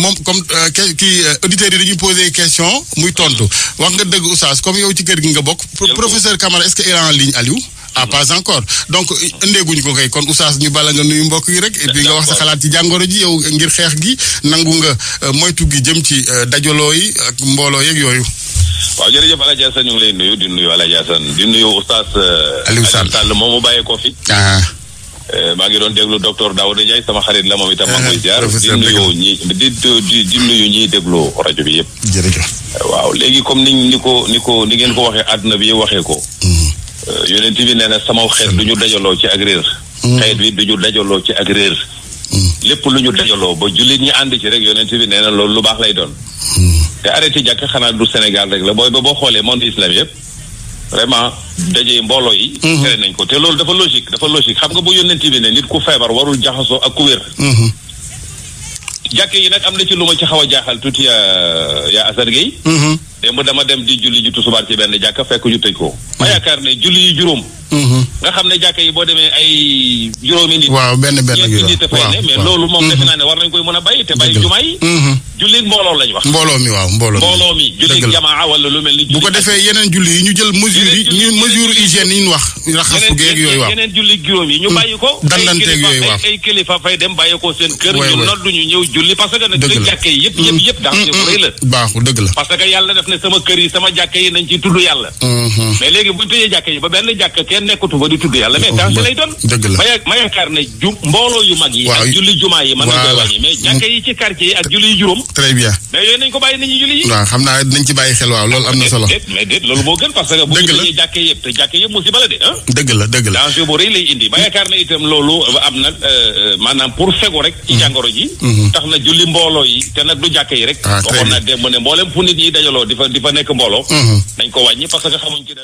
moom comme euh, kii euh, auditeurs yi dañuy posé question muy tontu wax nga dëgg oustaz comme yow ci kër gi nga bokk. professeur Camara est-ce que il est en ligne Aliou. ah pas encore donc ndeeguñ ko kay kon oustaz ñu bala nga nuyu mbokk yi rek et nga wax sa xalaat ci jàngoro ji yow ngir xeex gi nangu nga euh, moytu gi jëm ci dajaloo yi ak mbooloo yeeg yooyu. waaw jërëjëf El Hadj Assane ngi lay nuyu di nuyu El Hadj di nuyu oustaz. Aliou Sall Aliou Sall moom mu bàyyi ko Eh, maa ngi doon déglu docteur Daouda Ndiaye sama xarit la moom itam maa koy jaar ah, di nuyu ñi di di di nuyu ñiy déglu rajo bi yëpp. jërëjëf. Eh, waaw léegi comme ni ni ko ni ko ni ngeen ko waxee àdduna bi waxee ko. Hmm. Eh, yonent bi nee na sama xeet du ñu dajaloo ci ak réer. Hmm. bi du ñu dajaloo ci ak hmm. lépp lu ñu dajaloo ba jullit ñi ànd ci rek yonent bi nee na loolu lu baax lay doon. te arrêté jàkk xanaa du Sénégal rek la booy ba boo xoolee monde islam yëpp. vraiment mhm. daje mbooloo yi. Mhm. nañ ko te loolu dafa logique dafa logique xam nga bu yónnent bi ne nit ku feebar warul jaxasoo ak ku wér. Mhm. jàkke yi nag am na ci lu ma ci xaw a jaaxal tuuti yaa Assane Gueye. démb dama dem di julli ji tusubaar ci benn jàkka fekk ñu tëj ko. ma yaakaar ne julli yi juróom. nga xam ne jàkka yi boo demee ay juróomi nit. waaw benn benn gi la waaw nit ne mais loolu moom defe naa ne war nañ koy mën a bay te bàyyi jumaa jullit mbooloo lañ wax. mbooloo mi waaw mbooloo mi mbooloo mi jullit jamaa wala lu mel ni. bu ko defee yeneen julli yi ñu jël mesure yi ñu mesure hygiène yi ñu wax. Hmm. kilifa fay dem bàyyi ko seen kër. ñu noddu ñu ñëw julli parce que nag. dëgg la hmm, hmm, la. def ne sama kër yi sama jàkkee yi nañ ci tudd yàlla. yi ba benn jàkk kenn nekkatu fa di tudd ma yaakaar ne ju mbooloo yi. ci quartier yi ak julli juróom très bien. mais yooyu nañ ko bàyyi nañu julli yi. waaw xam naa nañ ci bàyyi xel waaw loolu am na solo. mais déet loolu moo gën parce que. bu ñu dañuy jàkkee yëpp te jàkkee yëpp de dëgg la dëgg la danger bu rëy lay indi. ba yaakaar na itam loolu am na euh, euh, maanaam pour fegu rek. ci mm-hmm. jàngoro ji. Mm-hmm. tax na julli mbooloo yi te nag du jàkkee yi rek. o ah, très bien waxoon naa démb ne mboolem fu nit ñi dajaloo di fa di fa nekk mbooloo. Mm-hmm. nañ ko wàññi parce que xamuñ ci